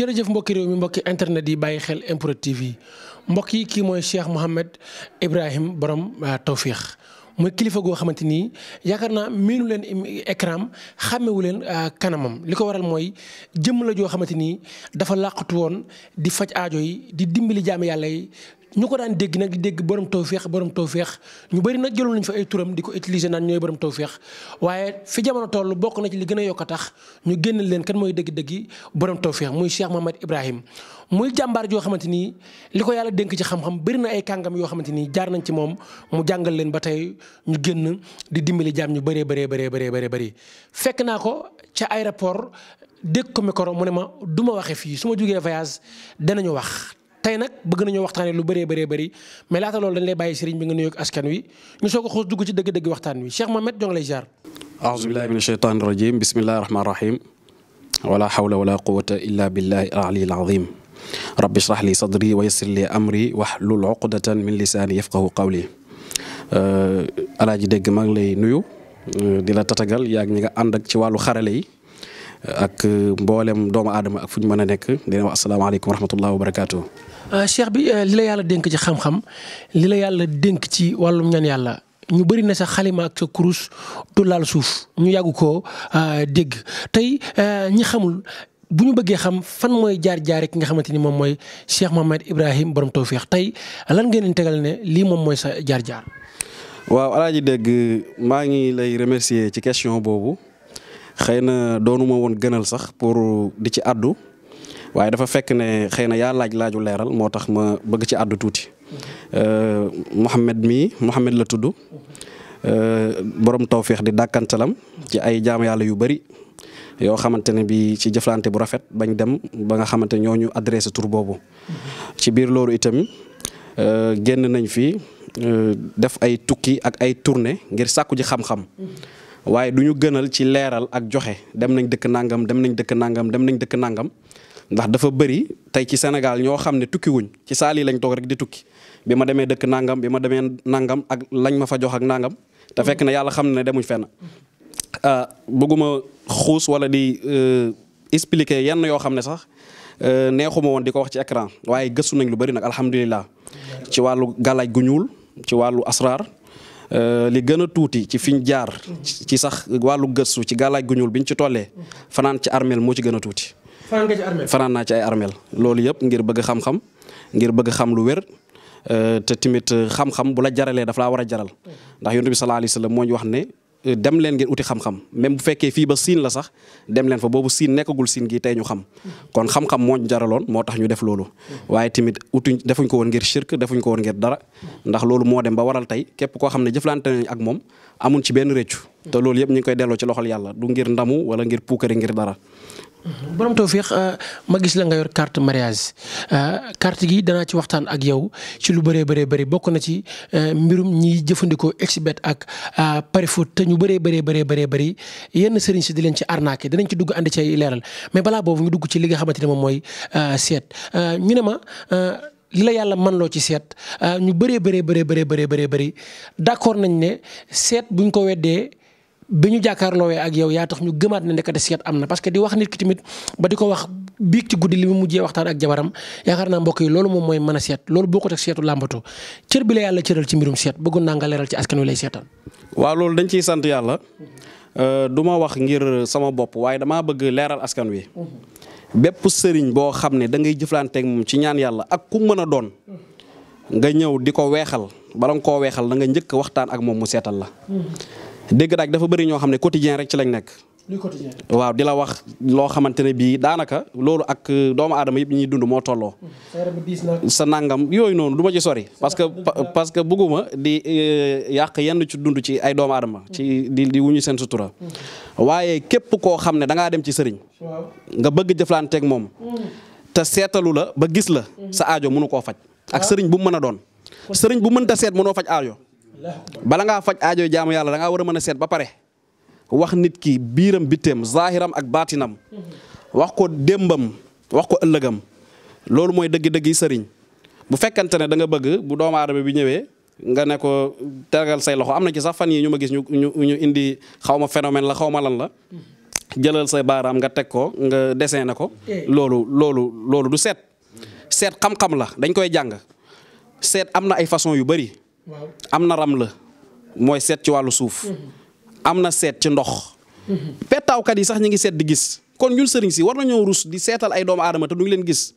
jërëjëf mbokki réew mi mbokki internet yi bàyyi xel MPROD yi mbokk yi kii mooy Cheikh Mouhamed Ibrahim borom euh, tawfiix muy kilifa goo xamante ni yaakaar naa miinu leen écran xàmmewu leen euh, kanamam li ko waral mooy jëmm la joo xamante ni dafa làqatu woon di faj aajo yi di dimbali jaami yàlla yi ñu ko daan dégg nag dégg borom tawféex borom tawféex ñu bëri nag jëloon nañ fa ay turam di ko utiliser naan ñooy borom tawféex waaye fi jamono toll bokk na ci li gën a yokk a tax ñu génnal leen kan mooy dégg dëgg yi borom tawféex muy Cheikh Mahamad Ibrahim muy jàmbaar joo xamante ni li ko yàlla dénk ci xam-xam bëri na ay kàngam yoo xamante ni jaar nañ ci moom mu jàngal leen ba tey ñu génn di dimbali jaam ñu bëree bëree bëree bëree bëri fekk naa ko ca aéroport dégg ko micro mu ne ma du ma waxee fii su jógee voyage danañu wax tey nag bëgg nañoo waxtaanee lu bëree bëree bëri mais laata loolu dañ lay bàyyi sëriñ bi nga nuyoog askan wi ñu soog a xoos dugg ci dëgg-dëgg waxtaan wi Cheikh Mohamed ñoo ngi lay ziar. aouzu billahi min shaytaani rajim bismillahi rahmaani rahim wala hawla wala quwwata illa billahi aliyil azim rabbi shrah li sadri wa yassir li amri wahlul uqdatan min lisaani yafqahu qawli alaaji dégg maa ngi lay nuyu di la tatagal yaa ngi ñi nga ànd ak ci wàllu xarale yi ak mboolem doomu aadama ak fu ñu mën a nekk dina wax asalaamaaleykum wa rahmatullahi wa barakaatu. Euh, cheikh bi euh, li la yàlla dénk ci xam-xam li la yàlla dénk ci wàllum ñan yàlla ñu bëri na sa xalima ak sa kurus du laal suuf ñu yàggu ko euh, dégg tey ñi xamul bu ñu bëggee xam fan mooy jaar jaar ki nga xamante ni moom mooy Cheikh Mohamed Ibrahim borom feex tey lan ngeen di tegal ne lii moom mooy sa jaar jaar. waaw alaaji dégg maa ngi lay remercier ci question boobu xëy na doonuma woon gënal sax pour di ci àddu. waaye dafa fekk ne xëy na yaa laaj laaju leeral moo tax ma bëgg ci àddu tuuti. Euh, Mouhamed mii Mouhamed la tudd euh, borom taw feex di dàkkantalam ci ay jaam yàlla yu bari yoo xamante ne bi ci jëflante bu rafet bañ dem ba nga xamante ne ñoo ñu adressé tur boobu. ci biir loolu itam euh, génn nañ fi def ay tukki ak ay tourne ngir sàkku ji xam-xam. waaye du ñu gënal ci leeral ak joxe dem nañ dëkk nangam dem nañ dëkk nangam dem nañ dëkk nangam ndax dafa bëri tey ci Sénégal ñoo xam ne tukki ci saal lañ toog rek di tukki bi ma demee dëkk nangam bi ma demee nangam ak lañ ma fa jox ak nangam te fekk na yàlla xam ne demuñ fenn euh, bëgguma xuus wala di euh, expliquer yenn yoo xam ne sax euh, neexuma woon di ko wax ci écran waaye gëstu nañ lu bari nag alhamdulilah ci wàllu galaaj gu ñuul ci wàllu asraar li gën a tuuti ci fiñ jaar ci sax wàllu gëstu ci galaaj gu ñuul biñ ci tollee fanaan ci armeel moo ci gën a tuuti fanaan nga ci armeel ci ay loolu yëpp ngir bëgg xam-xam ngir bëgg xam lu wér euh, te timit xam-xam bu la jaralee daf laa war a jaral ndax yonent bi sallallahu alayhi wasallam moo wax ne euh, dem leen ngeen uti xam-xam même bu fekkee fii ba siin la sax dem leen fa boobu siin nekkagul siin gi tey ñu xam kon xam-xam jaraloon moo tax ñu def loolu waaye tamit utuñ defuñ ko woon ngir shirk defuñ ko woon ngir dara ndax loolu moo dem ba waral tey képp koo xam ne jëflante nañ ak moom amun ci benn réccu te loolu yëpp ñu koy delloo ci loxol yàlla du ngir ndamu wala ngir puukare ngir dara borom tawféex euh, ma gis la nga yor carte mariage euh, carte gi danaa ci waxtaan ak yow ci lu bëree bëree bëri bokk na ci euh, mbirum ñiy jëfandikoo exibet ak pari foot ñu bëree bëree bëree bëree bëri yenn sëriñ si di leen ci arnaqué danañ ci dugg andi ci leeral mais balaa boobu ñu dugg ci li nga xamante ne moom mooy seet ñu ne ma li la yàlla man loo ci seet ñu bëree bëree bëree bëree bëree bëri d' accord nañ ne seet buñ ko weddee bi ñu jàkkaarloowee ak yow yaa tax ñu gëmaat ne ndekete seet am na parce que di wax nit ki ba di ko wax biig ci guddi li mu mujjee waxtaan ak jabaram yaakaar naa mbokk yi loolu moom mooy mën a seet loolu boo ko teg seetu làmbatu cër bi la yàlla cëral ci mbirum seet bëggoon naa nga leeral ci askan wi lay seetaan. waaw loolu dañ ciy sant yàlla euh, du ma wax ngir sama bopp waaye damaa bëgg leeral askan wi. bépp sëriñ boo xam ne da ngay jëflanteeg moom ci ñaan yàlla ak ku mën a doon nga ñëw di ko weexal bala nga weexal da nga njëkk waxtaan ak moom mu seetal la dégg daaj dafa bari ñoo xam ne quotidien rek ci lañ nekk. waaw di la wax loo xamante ne bii daanaka loolu ak euh, doomu yi bi ñuy dund moo tolloo. Hmm. sa nangam yooyu noonu du ma sori. parce que parce que bugguma di euh, yàq yenn ci dund ci ay doomu adama ci di di wuñu seen sutura. Hmm. waaye képp koo xam ne da ngaa dem ci sëriñ. nga bëgg jëflanteeg moom. Hmm. te seetalu la ba gis la. sa aajo mënu koo faj. ak sëriñ bu mu mën a doon. sëriñ bu mën mënta seet mënoo faj aajo. bala ngaa faj aajo jaamu yàlla da ngaa war a mën a seet ba pare wax nit ki biiram bitteem zahiram ak baatinam wax ko démbam wax ko ëllëgam loolu mooy dëgg-dëgg yi sëriñ bu fekkante ne da nga bëgg bu doomu aadama bi ñëwee nga ne ko tegal say loxo am na ci sax fan yi ñu ma gis ñu ñu indi xaw ma phénomène la xaw ma lan la say baaraam nga teg ko nga dessin na ko loolu loolu loolu du seet seet xam la dañ koy jàng am na ay façon yu bari am na ram la mooy seet ci wàllu suuf am na seet ci ndox pettaawkat yi sax ñu ngi seet di gis kon ñun sëriñ si war na ñëw rus di seetal ay doomu aadama te du leen gis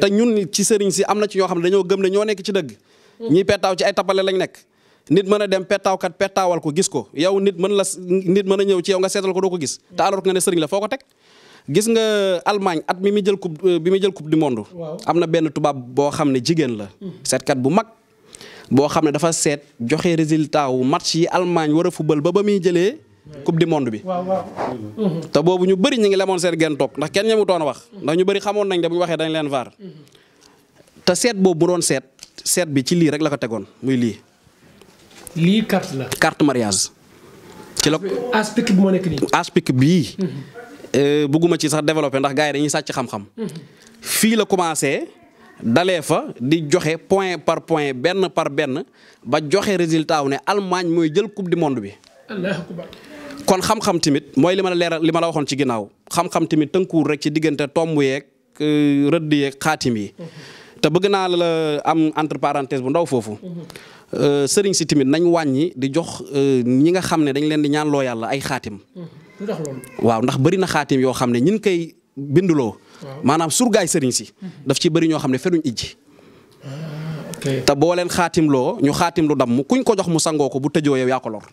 te ñun ci sëriñ si am na ci ñoo xam ne dañoo gëm ne ñoo nekk ci dëgg ñii pettaaw ci ay tapale lañ nekk nit mën a dem pettaawkat pettaawal ko gis ko yow nit mën la nit mën a ñëw ci yow nga seetal ko doo ko gis te alors nga ne sëriñ la foo ko teg gis nga Allemagne at mi muy jël coupe bi muy jël coupe du monde am na benn tubaab boo xam ne jigéen la mm. seetkat bu mag boo xam ne dafa seet joxe résultat wu match yi Allemagne war a fubal ba ba muy jëlee coupe du monde bi. te boobu ñu bëri ñu ngi lemoon seen genn toog ndax kenn ñemu toon wax. ndax ñu bëri xamoon nañ de bu ñu leen vaar. te seet boobu bu doon seet seet bi ci lii rek la tegoon muy lii. lii carte ci la aspect moo nekk nii. aspect bii. Euh, bëgguma ci sax développé ndax gars yi dañuy sàcc xam-xam. Mhm. fii la commencé. dalee fa di joxe point par point benn par benn ba joxe résultat wu ne Allemagne mooy jël coupe du monde bi. kon xam-xam tamit mooy li ma la leeral li ma la waxoon ci ginnaaw xam-xam tamit tënkuwul rek ci diggante tomb yeeg euh, rëdd yeeg xaatim yi. Mhm. te bëgg naa la am entre bu ndaw foofu. Mhm. Euh, sëriñ si tamit nañ wàññi di jox euh, ñi nga xam ne dañ leen di ñaan loo yàlla ay xaatim. Mhm. waaw ndax bëri xaatim yoo xam ne ñin koy loo maanaam surgaay sëriñ si. Mhm. daf ci bari ñoo xam ne fenuñ ijji. Ah, te boo leen xaatimloo ñu xaatim lu damm kuñ ko jox mu sangoo ko bu tëjoo yow yaa ko lor.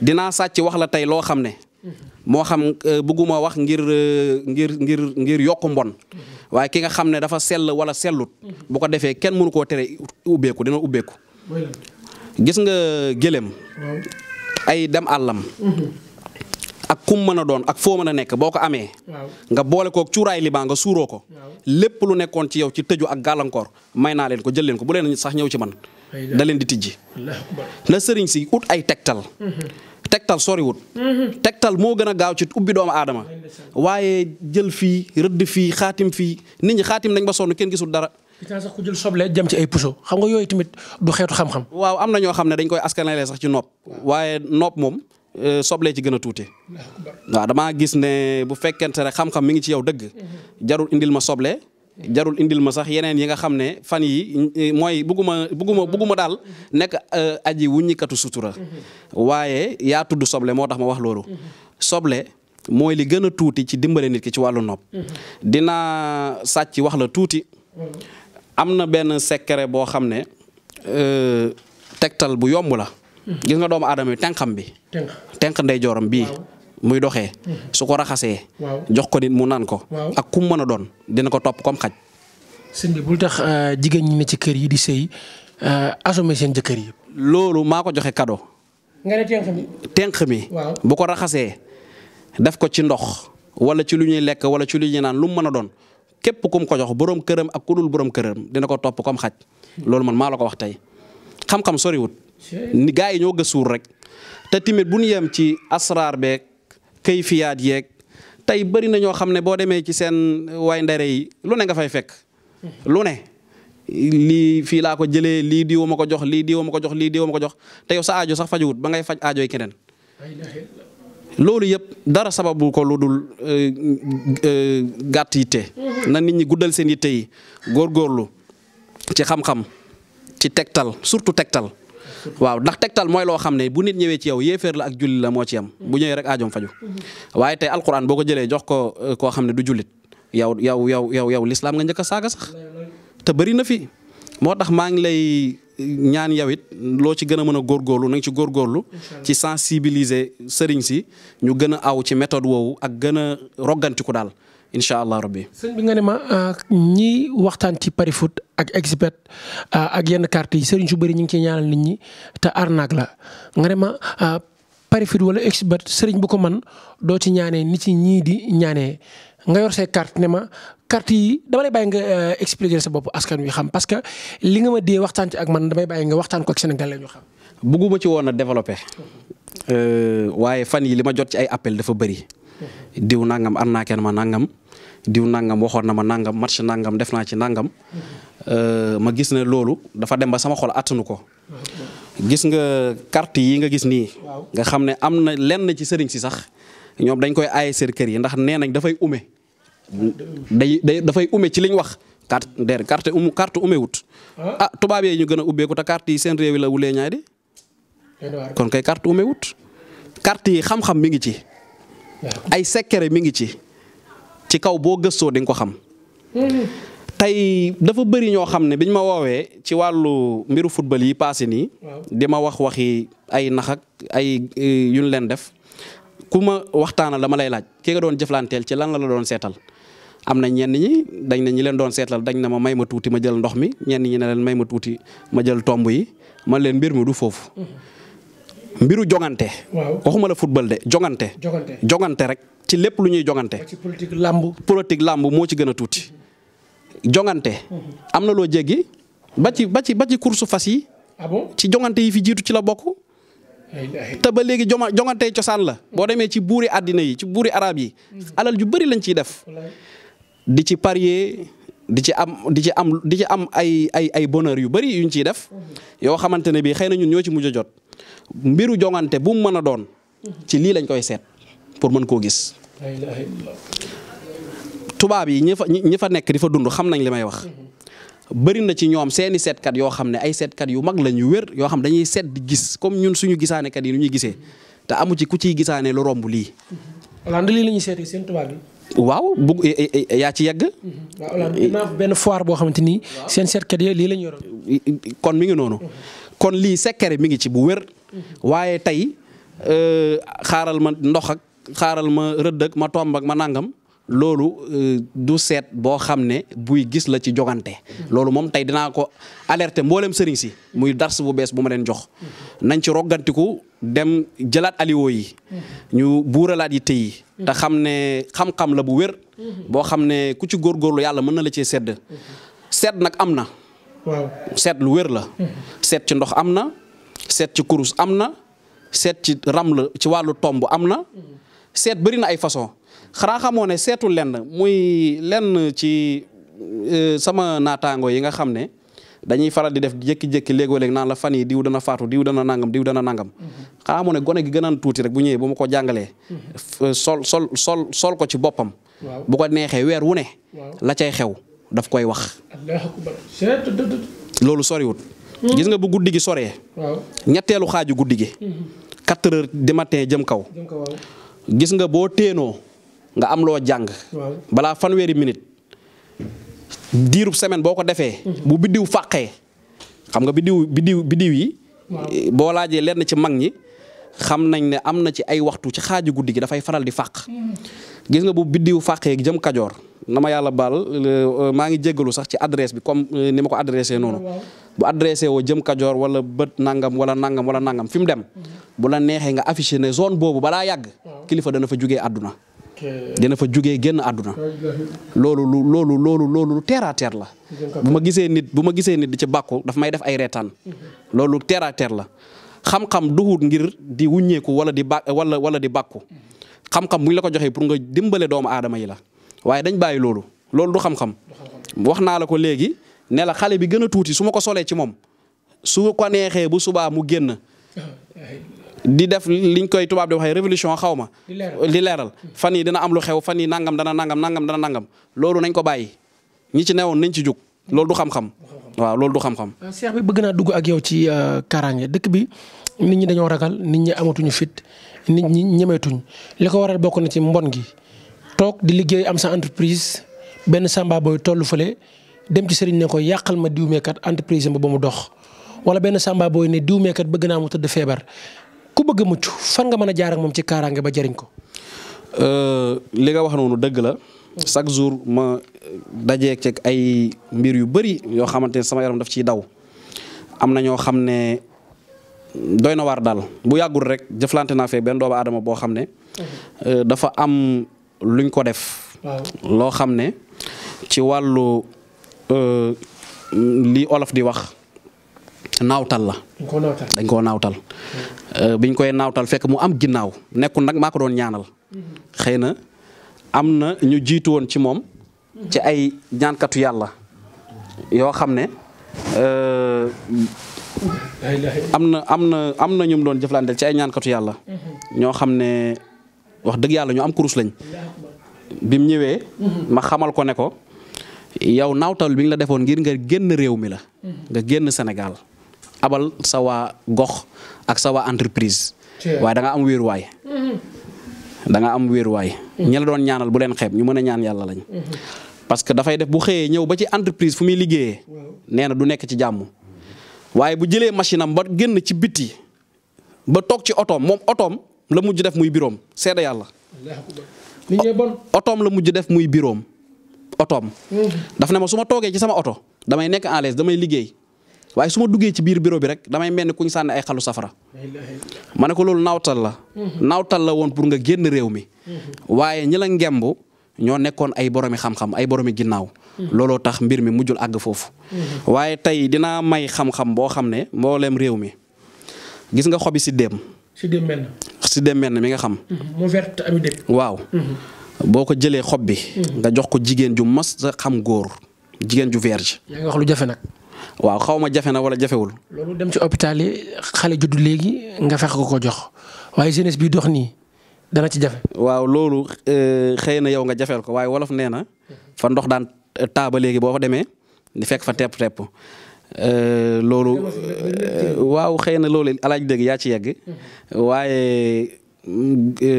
dinaa sàcc wax la tey loo xam ne. Mhm. moo xam euh, bëgguma wax ngir euh, ngir ngir ngir yokk mbon mhm. waaye ki nga xam ne dafa sell wala sellut bu ko defee kenn mënu koo tere ubbeeku dina ubbeeku gis nga gëléem ay dem àllam kum ma a doon ak foo mën a nekk boo ko amee. nga boole koog cuuraay liban nga suuroo ko. lépp lu nekkoon ci yow ci tëju ak gàllankoor may naa leen ko jël leen ko bu leen sax ñëw ci man. da leen di tijji. na sëriñ si ut ay tegtal. Mhm. tegtal soriwut. Mhm. tegtal moo gën a gaaw ci ubbi doomu aadama. waaye jël fii rëdd fii xaatim fii nit ñi xaatim nañ ba sonn kenn gisul dara. itam sax ku jël soble jëm ci ay puso xam nga yooyu tamit du xeetu xam-xam. waaw am na ñoo xam ne dañ koy askanale sax Euh, soble ci gën a tuuti waaw damaa gis ne bu fekkente ne xam-xam mi ngi ci yow dëgg jarul indil ma soble jarul indil ma sax yeneen yi nga xam ne fan yi mooy bugguma bugguma bugguma daal nekk euh, aji wuññikatu sutura waaye yaa tudd soble moo tax ma wax loolu soble mooy li gën a tuuti ci dimbale nit ki ci wàllu nopp dinaa sàcc wax la tuuti am na benn secret boo xam ne euh, tegtal bu yomb la gis nga doomu aadama bi tenqam bi. tenq ndey jooram bii. muy doxee. Hmm. su ko raxasee. jox ko nit mu naan ko. ak kum mën a doon dina ko topp kom xaj. sëñ bi euh, jigéen ñi ne ci kër yi di sëy euh, asomé seen jëkkër yi. loolu maa ko joxe cadeau. tenq mi. bu ko raxasee def ko ci ndox wala ci lu ñuy lekk wala ci lu ñuy naan lu mën a doon. képp ku mu ko jox borom këram ak ku borom këram dina ko topp comme xaj loolu man maa la ko wax tey xam-xam soriwut ni gaa yi ñoo gësuur rek te timit bu ñu yem ci asraar beeg kayfiyaat yeeg tey bëri na ñoo xam ne boo demee ci seen way ndere yi lu ne nga fay fekk lu ne lii fii laa ko jëlee lii diwa ma ko jox lii diwa ma ko jox lii diwa ma ko jox te sa aajo sax fajuwut ba ngay faj aajoy keneen loolu yëpp dara sababu ko lu dul euh, euh, gàtt yitte na nit ñi guddal seen yitte yi góorgóorlu ci xam-xam ci tegtal surtout tegtal waaw ndax tegtal mooy loo xam ne bu nit ñëwee ci yow yéeféer la ak jullit la moo ci yam bu ñëwee rek aajoom faju waaye te alquran boo ko jëlee jox ko euh, koo xam ne du jullit yow yow yow yow yow lislaam nga njëkk a saaga sax te bëri na fi moo tax maa ngi lay ñaan yow it loo ci gën a mën a góorgóorlu na nga ci góorlu ci sensibiliser sëriñ si ñu gën a aw ci méthode woowu ak gën a roggantiku daal incha allah rabbi. sëñ bi nga ne ma euh, ñi waxtaan ci pari foot ak expert euh, ak yenn kart yi sëriñ su bëri ñu ngi ciy ñaanal nit ñi te arnaque la nga ne ma euh, pari foot wala expert sëriñ bu ko man doo ci ñaanee nit ñi ñii di ñaanee nga yor say carte ne ma carte yi dama lay bàyyi nga expliquer sa bopp askan wi xam parce que li nga ma dee waxtaan ci ak man damay bàyyi nga waxtaan ko ak Sénégal la ñu xam. bugguma ci woon a développé waaye fan yi li ma jot ci ay appel dafa bëri mhm. diw nangam arnaqué na nangam. diw nangam waxoon na ma nangam match nangam def naa ci nangam euh, ma gis ne loolu dafa dem ba sama xol attanu ko. gis nga carte yi nga gis nii. nga xam ne am na lenn ci sëriñ si sax ñoom dañ koy aaye seen kër yi ndax nee nañ dafay ume. day day dafay ume ci liñ wax. carte der carte umu carte ume wut. Ah. ah tubaab yi ñu gën a ubbeeku te carte yi seen réew yi la wulee ñaay di. kon kay carte ume wut. carte yi xam-xam mi ngi ci. ay secret mi ngi ci. ci kaw boo gëstoo di nga ko xam. tey dafa bëri ñoo xam ne biñ ma woowee ci wàllu mbiru football yi paase nii. di ma wax waxi ay naxak ay e, yu ñu leen def ku ma waxtaanal dama lay laaj ki nga doon jëflanteel ci lan la doon seetal. am na ñenn ñi dañ ne ñi leen doon seetal dañ na ma may ma tuuti ma jël ndox mi ñenn ñi na leen may ma tuuti ma jël tomb yi man leen mbir mi du foofu. mbiru jongante. waxuma la football de jongante. jongante rek. ci lépp lu ñuy jongante. politique làmb. politique làmb moo ci gën a tuuti. jongante. am na loo jéggi ba ci ba ci ba ci course fas yi. Ah ci jongante yi fi jiitu ci la bokk. te ba léegi joma jongante cosaan la. boo demee ci buuri àddina yi ci buuri arab yi. alal yu bëri lañ ciy def. di ci parier di ci am di ci am di ci am ay ay ay bonheur yu bëri yuñ ciy def. yow xamante ne bii xëy na ñun ñoo ci mujj a jot. mbiru jongante bu mu mën a doon. ci lii lañ koy seet pour mën koo gis. tubaab yi ñi fa fa nekk di fa dund xam nañ li may wax. bëri na ci ñoom seeni seetkat yoo xam ne ay seetkat yu mag lañ yu wér yoo xam dañuy seet di gis comme ñun suñu gisaanekat yi nu ñuy gisee te amu ci ku ciy gisaane lu romb lii. Hollande lii la ñuy seetee seen tubaab waaw e, e, e, yaa ci yegg. Mm-hmm. benn foire boo xamante ni. seen seetkat lii la ñu kon mi ngi noonu. Mm-hmm. kon lii secret mi ngi ci bu wër mm-hmm. waaye tey euh, xaaral ma ndoxak xaaral ma rëdd ma tomb ak ma nangam loolu euh, du seet boo xam ne buy gis la ci jogante. loolu moom tey dinaa ko alerter mboolem sëriñ si muy dars bu bees bu ma leen jox. nañ ci roggantiku dem jëlaat aliwo yi. ñu buuralaat yi tey yi. te xam ne xam-xam la bu wér. boo xam ne ku ci góorgóorlu yàlla mën na la cee sedd. seet nag am na. waaw seet lu wér la. seet ci ndox am na. seet ci kurus am na. seet ci ram la ci wàllu tomb am na. seet bëri na ay façon xanaa xamoo ne seetu lenn muy lenn ci euh, sama naataango yi nga xam ne dañuy faral di def jékki-jékki léegoo léeg naan la fan yi diw dana faatu diw dana nangam diw dana nangam xanaa moo ne gone gi gënaan tuuti rek bu ñëwee ba mu ko jàngalee sol sol sol ko ci boppam bu ko neexee weer wu ne la xew daf koy wax loolu soriwut gis nga bu guddigi gi soree ñetteelu xaaju guddi gi mhm. quatre jëm kaw gis nga boo téenoo nga am loo jàng. balaa fanweeri minute diirub semaine boo ko defee. Mhm. bu biddiw fàqee xam nga biddiw biddiw biddiw yi. boo laajee lenn ci mag ñi. xam nañ ne am na ci ay waxtu ci xaaju guddi gi dafay faral di fàq gis nga bu biddiw fàqee jëm kajoor nama yàlla baal euh, maa ngi jéggalu sax ci adresse bi comme euh, ni ma ko adressé noonu bu adressé woo jëm kajoor wala bët nangam wala nangam wala nangam fi mu dem mhm. bu la neexee nga affiché ne zone boobu balaa yàgg kilifa dana fa jugee àdduna dina fa juge génn àdduna loolu lu loolu loolu loolu lu la bu ma gisee nit bu ma gisee nit di ci bàkku daf may def ay reetaan mhm. loolu terre à la xam-xam duhut ngir di wuññeeku wala di wala wala di bakku xam-xam bu la ko joxee pour nga dimbale doomu aadama yi la waaye dañ bàyyi loolu loolu du xam-xam wax naa la ko léegi ne la xale bi gën a tuuti su ma ko solee ci moom su ko neexee bu subaa mu génn di def liñ koy tubaab di waxee révolution xaw ma di leeral fan yi dina am lu xew fan yi nangam dana nangam nangam dana nangam loolu nañ ko bàyyi ñi ci newoon nañ ci jóg loolu du xam-xam waaw loolu du xam-xam. seex euh, bi bëgg naa dugg ak yow ci euh, kaaraange dëkk bi nit ñi dañoo ragal nit ñi amatuñu fit nit ñi ñemetuñ li ko waral bokk na ci mbon gi toog di liggéey am sa entreprise benn samba booy tollu fële dem ci sëriñ ne ko yàqal ma diwmeekat entreprise ba ba mu dox wala benn samba booy ne diwmeekat bëgg naa mu tëdd feebar ku bëgg mucc fan nga mën a jaar moom ci kaaraange ba jëriñ ko. Euh, li nga wax noonu dëgg la. chaque jour ma euh, dajee ceeg ay mbir yu bëri yoo xamante ne sama yaram daf ci daw am na ñoo xam ne doy na waar daal bu yàggul rek jëflante naa fee benn doomu aadama boo xam ne. Mhm. Euh, dafa am luñ ko def. loo xam ne ci wàllu euh, li olof di wax naawtal la. dañ koo naawtal dañ mhm. biñ koy naawtal fekk mu am ginnaaw nekkul nag maa ko doon ñaanal. Mhm. xëy na. am na ñu jiitu woon ci moom ci ay ñaankatu yàlla yoo xam ne euh, am na am na am na ñum doon jëflanteel ci ay ñaankatu yàlla ñoo xam ne wax dëgg yàlla ñu am kurus lañ bi mu ñëwee ma xamal ko ne ko yow nawtal bi la defoon ngir nga génn réew mi la nga génn Sénégal abal sawa gox ak sa waa entreprise waaye da am wéeruwaay mm-hmm. da am wéeruwaay. Mm-hmm. ñi la doon ñaanal bu leen xeeb ñu mën a ñaan yàlla lañ. Mm-hmm. parce que dafay def bu xëyee ñëw ba ci entreprise fu muy liggéeyee. nee na du nekk ci jàmm. waaye bu jëlee machine am ba génn ci biti ba toog ci otoom moom otoom la mujj def muy biroom seede yàlla. otoom la mujj def muy biroom otoom. Mm-hmm. daf ne ma su ma toogee ci sama oto damay nekk à l'aise damay liggéey. waaye su ma duggee ci biir bureau bi rek damay mel ni ku ñu sànni ay xalu safara ma ne ko loolu nawtal la mhm. nawtal la woon pour nga génn réew mi mhm. waaye ñi ngemb ñoo nekkoon ay boromi xam-xam ay boromi ginnaaw mhm. looloo tax mbir mi mujjul àgg foofu tey dinaa may xam boo xam ne mbooleem réew mi gis nga xobi si déem si déem mi nga xam mu waaw boo ko jëlee xob bi nga jox ko jigéen ju mas xam góor jigéen ju vierge yaa lu jafe nag waaw xaw ma jafe na wala jafewul. loolu dem ci hôpital yi xale juddu léegi nga fex ko ko jox waaye jeunesse bi dox nii dana ci jafe. waaw loolu euh, xëy na yow nga jafeel ko waaye wolof nee na fa ndox daan euh, taaba léegi boo fa demee di fek fa tepp tepp euh, loolu. waaw xëy na loolu alaaj dëgg yaa ci yegg. Mhm. waaye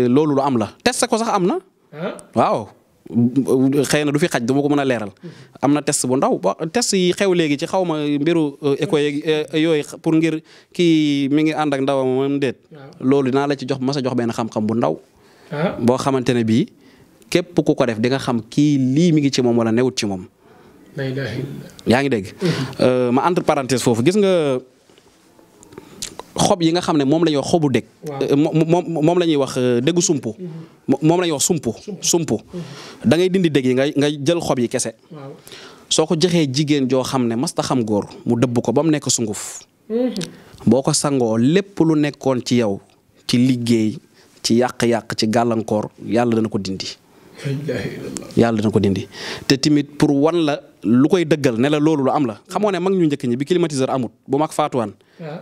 loolu lu am la test ko sax am na. Ah? waaw. xëy na du fi xaj du ma ko mën a leeral am na test bu ndaw bo test yi xew léegi ci xaw ma mbiru euh, éco yeeg euh, yooyu pour ngir kii mi ngi ànd ak ndawam moom déet loolu dinaa la ci jox mas a jox benn xam-xam bu ndaw ah. boo xamante ne bii képp ku ko def di nga xam kii lii mi ngi ci moom wala newut ci moom yaa ngi dégg mm-hmm. euh, ma entre parenthèse foofu xob yi nga xam ne moom la ñuy wax xobu dég euh, moom moom la ñuy wax euh, déggu sumpu mhm. moom la ñuy wax sumpu mhm. da ngay dindi dëgg yi ngay jël xob yi kese soo ko joxee jigéen joo xam ne masta xam góor mu dëbb ko ba mu nekk sunguf mhm. boo ko sangoo lépp lu nekkoon ci yow ci liggéey ci yàq-yàq ci gàllankoor yàlla dana ko dindi yàlla dana ko dindi te timit pour wan la lu koy dëggal ne la loolu lu am la xamoo ne mag ñu njëkk ñi bi climatiseur amut bu mag faatuwaan ah.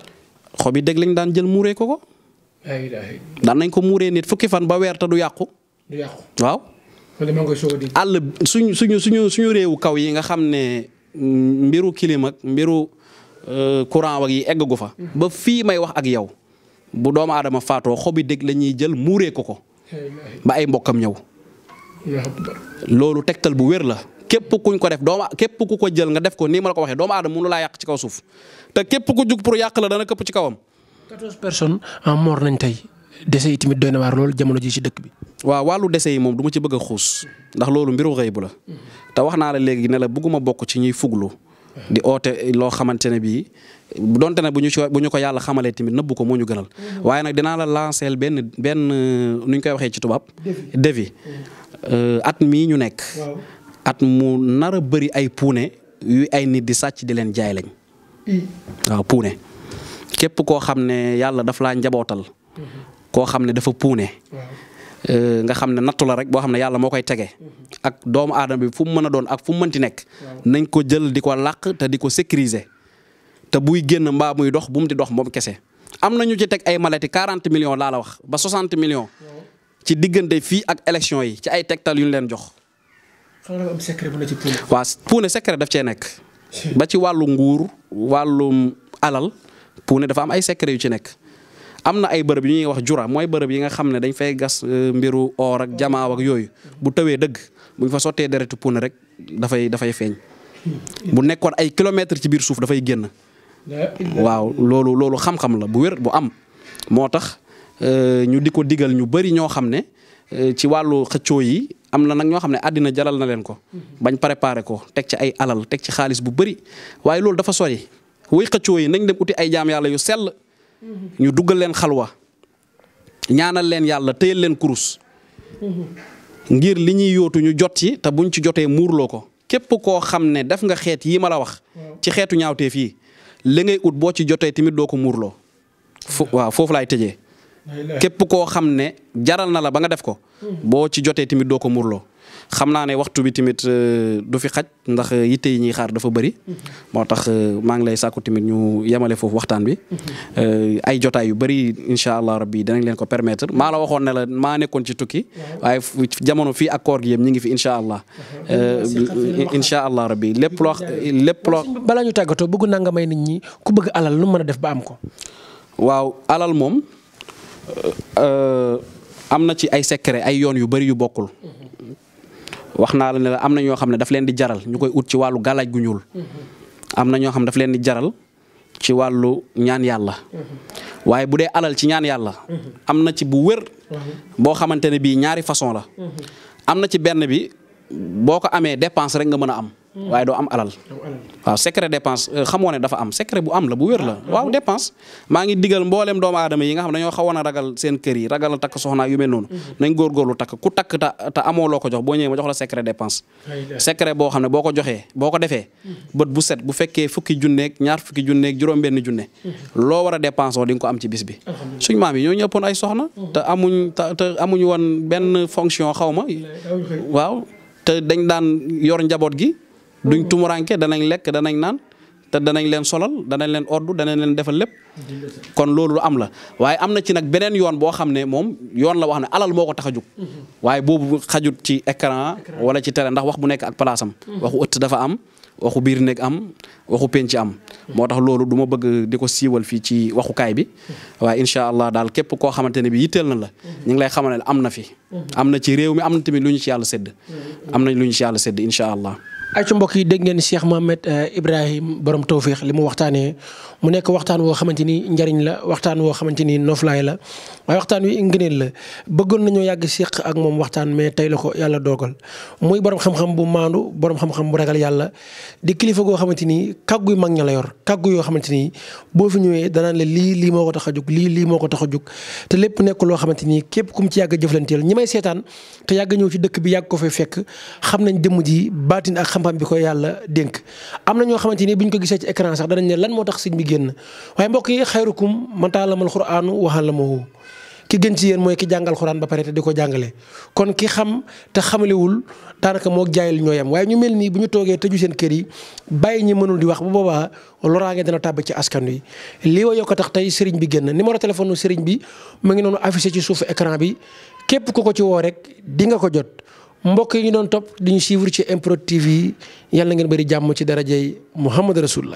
xob yi dégg lañ daan jël muuree ko ko. daan nañ ko muuree nit fukki fan ba weerta du yàqu. du yàqu waaw. àll suñu suñu réewu kaw yi nga xam ne mbiru clim mbiru euh, courant wak yi egg gu fa. Hmm. ba fii may wax ak yow bu doomu aadama faatoo xob yi dégg la ñuy jël muuree ko ko. ba ay mbokkam ñëw. loolu tegtal bu wér la. képp kuñ ko def dooma képp ku ko jël nga def ko nii ma la ko waxee doomu aadama mënu laa yàq ci kaw suuf te képp ku jug pour yàq la dana këpp ci kawam. 14 euh, nañ tey dese yi tamit doy na waar loolu jamono ji ci dëkk bi. waaw wàllu dese yi moom du ma ci bëgg xuus ndax loolu mbiru xëy bu la te wax naa la léegi ne la bëgguma bokk ci ñuy fuglu di oote loo xamante ne bii donte ne bu ñu bu ñu ko yàlla xamalee tamit nëbbu ko moo ñu gënal waaye nag dinaa la lanceel benn benn euh, nu ñu koy waxee ci tubaab. défi euh, at mii at mu nar a bëri ay puune yu ay nit di sàcc di leen jaay lañ. Mm. waaw puune képp koo xam ne yàlla daf laa njabootal. koo xam ne dafa puune. Euh, nga xam ne nattu la rek boo xam ne yàlla moo koy tege. Mm-hmm. ak doomu aadama bi fu mu mën a doon ak fu mu mënti nekk. nañ ko jël di ko làq te di ko sécuriser. te buy génn mbaa muy dox bu mu di dox moom kese. am na ñu ci teg ay malati 40 million laa la wax ba 60 million ci diggante fii ak élection yi ci ay tegtal yu ñu leen jox. waa puune secret daf cee nekk. ba ci wàllu nguur wàllum alal puune dafa am ay secret yu ci nekk. am na ay bërëb yu ñuy wax jura mooy bërëb yi nga xam ne dañ fay gas euh, mbiru or ak jamaaw ak yooyu bu tawee dëgg bu fa sottee deretu puune rek dafay dafay feeñ. bu nekkoon ay kilomètres ci biir suuf dafay génn. waaw loolu loolu xam-xam la bu wér bu am. moo tax euh, ñu di ko digal ñu bëri ñoo xam ne euh, ci wàllu xëccoo yi. am na nag ñoo xam ne àddina jaral na leen ko bañ préparé ko teg ci ay alal teg ci xaalis bu bëri waaye loolu dafa sori way xëccoo yi nañ dem uti ay jaam yàlla yu sell ñu duggal leen xalwa ñaanal leen yàlla téyal leen kurus ngir li ñuy yootu ñu jot ci te buñ ci jotee muurloo ko képp koo xam ne def nga xeet yii ma la wax ci xeetu ñaawte fii li ngay ut boo ci jotee tamit doo ko muurloo waaw foofu laay tëjee képp koo xam ne jaral na la ba nga def ko. boo ci jotee tamit doo ko murloo. xam naa ne waxtu bi tamit euh, du fi xaj ndax euh, yitte yi ñuy xaar dafa bëri. moo tax euh, maa ngi lay sàkku tamit ñu yemale foofu waxtaan bi. ay jotaay yu bëri incha allah rabbi leen ko permettre maa waxoon ne la maa nekkoon ci tukki. waaye jamono fii ak koor gi ñu ngi fi incha allah. incha allah rabbi lépp loo lépp loo. balaa ñu tàggatoo bëgg naa may nit ñi ku bëgg alal lu mën a def ba am ko. waaw alal moom. Euh, am na ci ay secret ay yoon yu bari yu bokkul. wax naa la ne la am na ñoo xam ne daf leen di jaral ñu koy ut ci wàllu galaaj gu ñuul. am na ñoo xam ne daf leen di jaral ci wàllu ñaan yàlla. waaye bu dee alal ci ñaan yàlla. am na ci bu wér. boo xamante ne bii ñaari façon la. am na ci benn bi boo ko amee dépense rek nga mën a am. waaye doo am alal waaw secret dépense euh, xamoo ne dafa am secret bu am la bu wér la waaw dépense maa ngi digal mbooleem doomu aadama yi nga xam dañoo xawoon a ragal seen kër yi ragal takk soxnaa yu mel noonu mhm. nañ góorgóorlu takk ku takk ta te amoo loo ko jox boo ñëwee ne boo ko joxee boo ko defee mhm. bu set bu fekkee fukki junneeg ñaar fukki junneeg juróom benn junne mhm. loo war a dépense oo am ci bis bi suñ maam yi ñoo ñëppoon ay soxna te amuñ te amuñ woon benn fonction xaw ma gi duñ tumuranke danañ lekk danañ naan te danañ leen solal danañ leen ordu danañ leen defal lépp kon loolu am la waaye am na ci nag beneen yoon boo xam ne moom yoon la wax ne alal moo ko tax a waaye boobu xajut ci écran wala ci télé ndax wax bu nekk ak place am dafa am waxu biir nekk am waxu penc am moo tax loolu du bëgg di ko siiwal fii ci waxukaay bi waaye incha daal képp koo xamante ne bi yitteel na la ñu am na fi am na ci rew mi am na tamit lu ñu ci yàlla sédd am nañ lu ñu ci yàlla sédd incha allah ay ci mbokk yi dégg ngeen Cheikh Mohamed eh, Ibrahim borom tawfiix li mu waxtaanee mu nekk waxtaan woo xamante ni njariñ la waxtaan woo xamante ni noflaay la waaye waxtaan wi ngëneel la bëggoon nañoo yàgg Cheikh ak moom waxtaan mais tey la ko yàlla doogal muy borom xam-xam bu maandu borom xam-xam bu ragal yàlla di kilifa goo xamante ni kàggu yu mag ña la yor kàggu yoo xamante ni boo fi ñëwee danaan la lii lii moo ko tax a jug lii lii moo ko tax a jug te lépp nekk loo xamante ni képp ku mu ci yàgg jëflanteel ñi may seetaan te yàgg ñëw ci dëkk bi yàgg ko fekk xam-xam bi ko yàlla dénk am na ñoo xamante ni bu ñu ko gisee ci écran sax danañ ne lan moo tax sëñ bi génn waaye mbokk yi xayrukum man ta'allama al-qur'aanu wa 'allamahu ki gën ci yéen mooy ki jàngal xuraan ba pare te di ko jàngale kon ki xam te xamalewul daanaka moo jaayil ñoo yam waaye ñu mel nii bu ñu toogee tëju seen kër yi bàyyi ñi mënul di wax bu boobaa loraange dana tàbb ci askan wi. lii wa yokk tax tey sëriñ bi génn numéro téléphone sëriñ bi mu ngi noonu affiché ci suufu écran mbokk yi ñu doon topp di ñu ci improtive TV yi yàlla ngeen bëri jàmm ci darajay Muhammad Rasulullah